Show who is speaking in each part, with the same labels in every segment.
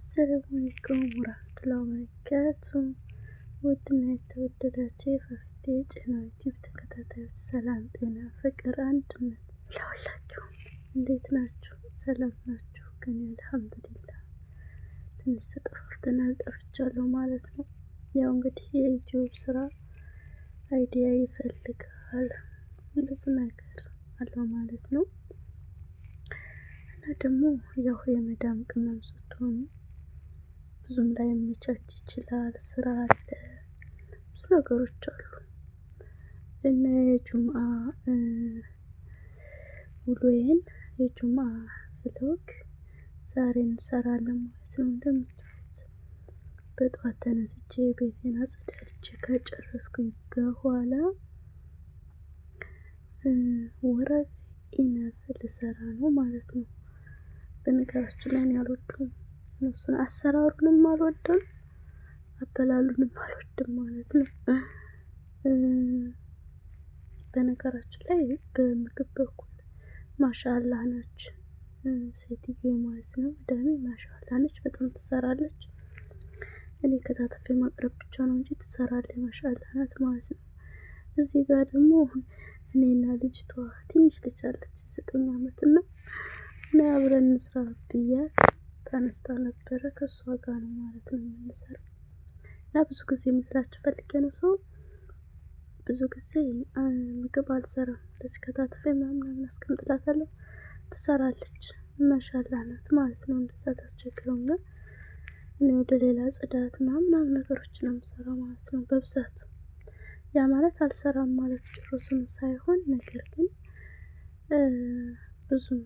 Speaker 1: አሰላሙ አለይኩም ወራህመቱላሂ ወበረካቱ። ውድና የተወደዳችሁ የፋፊቴ ጤና ዩቲዩብ ተከታታዮች ሰላም፣ ጤና፣ ፍቅር፣ አንድነት ለሁላችሁም። እንዴት ናችሁ? ሰላም ናችሁ? ከኔ አልሐምዱሊላህ። ትንሽ ተጠፋፍተናል፣ ጠፍቻለሁ ማለት ነው። ያው እንግዲህ የዩቲዩብ ስራ አይዲያ ይፈልጋል ብዙ ነገር አለው ማለት ነው። እና ደግሞ ያው የመዳም ቅመም ስትሆኑ ብዙም ላይ መቻች ይችላል። ስራ አለ፣ ብዙ ነገሮች አሉ እና የጁምአ ውሎዬን የጁምአ ብሎግ ዛሬ እንሰራለን ማለት ነው። እንደምታዩት በጠዋት ተነስቼ ቤቴን አጸዳድቼ ከጨረስኩኝ በኋላ ወረብ ኢነር ልሰራ ነው ማለት ነው። በነገራችን ላይ ያልወዱም እሱን አሰራሩንም አልወድም አበላሉንም አልወድም ማለት ነው። በነገራችን ላይ በምግብ በኩል ማሻላ ነች ሴትዮ ማለት ነው። ደሜ ማሻላ ነች፣ በጣም ትሰራለች። እኔ ከታተፍ ማቅረብ ብቻ ነው እንጂ ትሰራለች። ማሻላ ናት ማለት ነው። እዚህ ጋር ደግሞ እኔና ልጅቷ ትንሽ ልጅ አለች ዘጠኝ አመት እና እና አብረን እንስራ ብያት ተነስታ ነበረ። ከእሷ ጋር ነው ማለት ነው የምንሰራው እና ብዙ ጊዜ የምንላችሁ ፈልጌ ነው ሰው ብዙ ጊዜ ምግብ አልሰራም። እንደዚህ ከታትፌ ምናምን አስቀምጥላታለሁ ትሰራለች። መሻላ ናት ማለት ነው። እንደዛ ታስቸግረው ግን እኔ ወደ ሌላ ጽዳት ምናምን ነገሮች ነው የምሰራው ማለት ነው በብዛት። ያ ማለት አልሰራም ማለት ጭሩስም ሳይሆን ነገር ግን ብዙም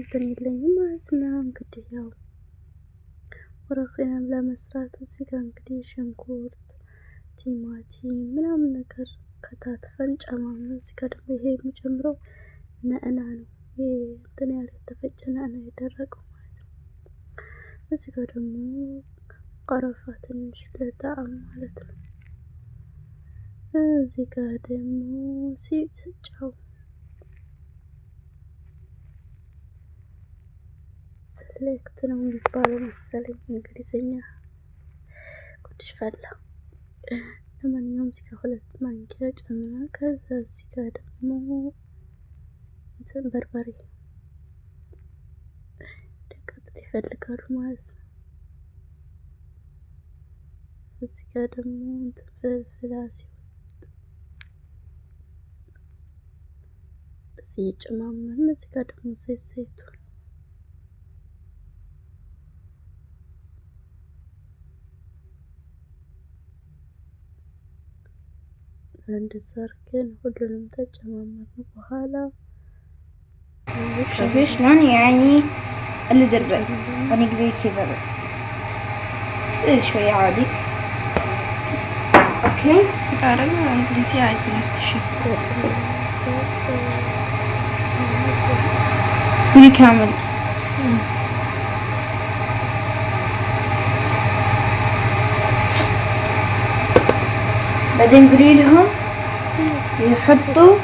Speaker 1: እንትን የለኝም ማለት ነው። እንግዲህ ያው ወረቄንም ለመስራት እዚህ ጋር እንግዲህ ሽንኩርት፣ ቲማቲም ምናምን ነገር ከታትፈን ጨማምረን እዚህ ጋር ደግሞ ይሄ የሚጨምረው ነዕና ነው። ይሄ እንትን ያለ የተፈጨ ነዕና የደረቀው ማለት ነው። እዚህ ጋር ደግሞ ቀረፋ ትንሽ ለጣዕም ማለት ነው። እዚህ ጋር ደግሞ ሲጫው ኢንተሌክት ነው የሚባለው መሰለኝ እንግሊዝኛ ቅዱስ ፈላ። ለማንኛውም እዚህ ጋር ሁለት ማንኪያ ጨምራ፣ ከዛ እዚህ ጋር ደግሞ እንትን በርበሬ ደቀጥል ይፈልጋሉ ማለት ነው። እዚህ ጋር ደግሞ እንትን ፍልፍላ እየጨማመርን እዚህ ጋር ደግሞ ዘይት ዘይቱን በአንድ ሰርክን ሁሉንም ተጨማመርን በኋላ
Speaker 2: شوفي شلون يعني ندرب طريق كذا بس إيه، شوية عادي اوكي
Speaker 3: عربي وانجليزي عادي نفس الشيء
Speaker 2: كذي كامل بعدين قولي لهم يحطوا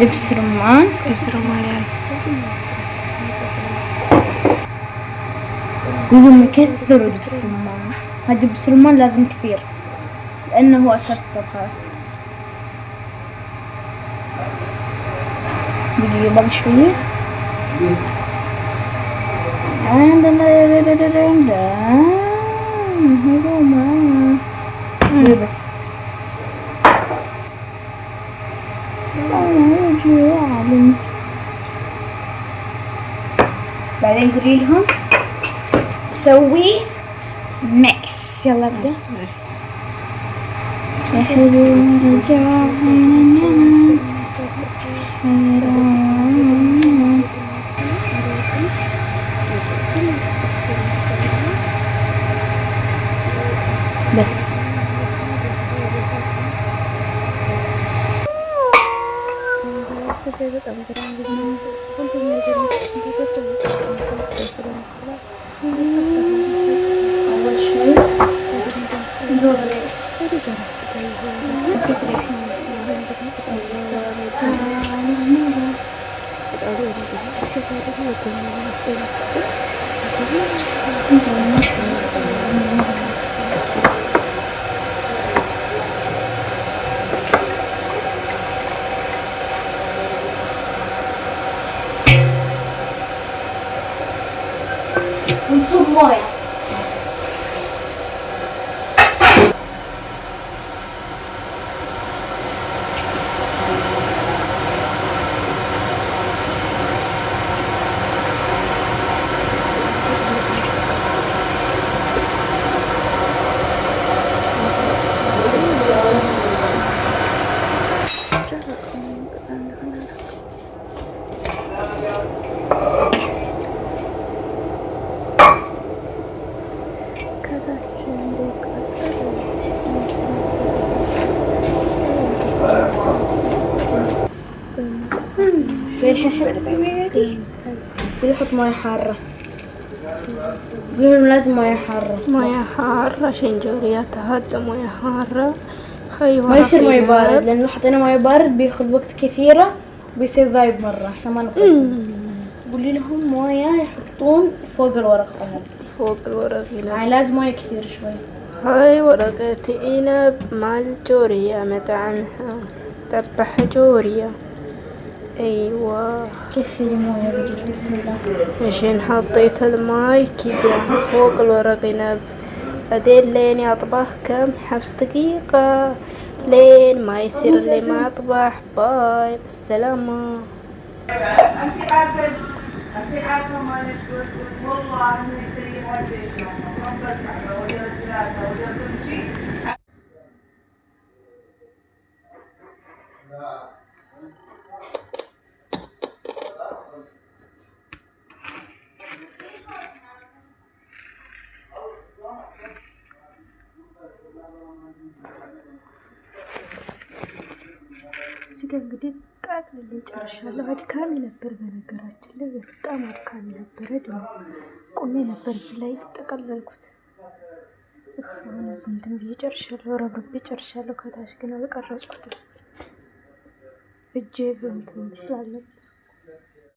Speaker 2: دبس رمان
Speaker 3: دبس رمان يا
Speaker 2: قولوا كثروا دبس رمان هذا دبس رمان لازم كثير لأنه هو أساس الطبخة دقيقة باقي شوية And then, hello, ma. Libas. Very good, huh? So we mix. You love this? በጣም ገራሚ Thank you. الحين حبة حميدي بنحط حارة بيقولون لازم مويه حارة
Speaker 4: مويه حارة جوريات تهدى مويه حارة
Speaker 2: ما يصير مويه بارد لأنه لو حطينا مويه بارد بياخذ وقت كثيرة وبيصير ضايب مرة عشان ما قولي لهم موية يحطون فوق الورق أهم
Speaker 4: فوق الورق هنا
Speaker 2: يعني لازم موية كثير شوي
Speaker 4: هاي ورقة عنب مال جورية مثلا تبع جورية ايوه
Speaker 5: كفي المويه بديك بسم الله
Speaker 4: عشان حطيت الماي كذا فوق الورق ينب بعدين لين يطبخ كم حبس دقيقة لين ما يصير اللي ما اطبخ باي بالسلامة والله
Speaker 6: እዚህ ጋር እንግዲህ ጠቅልዬ ጨርሻለሁ። አድካሚ ነበር፣ በነገራችን ላይ በጣም አድካሚ ነበረ። ደግሞ ቁሜ ነበር እዚህ ላይ ጠቀለልኩት። አሁን እዚህ እንትን ብዬ ጨርሻለሁ፣ ረብርቤ ጨርሻለሁ። ከታች ግን አልቀረጽኩትም እጄ በምትን ስላለን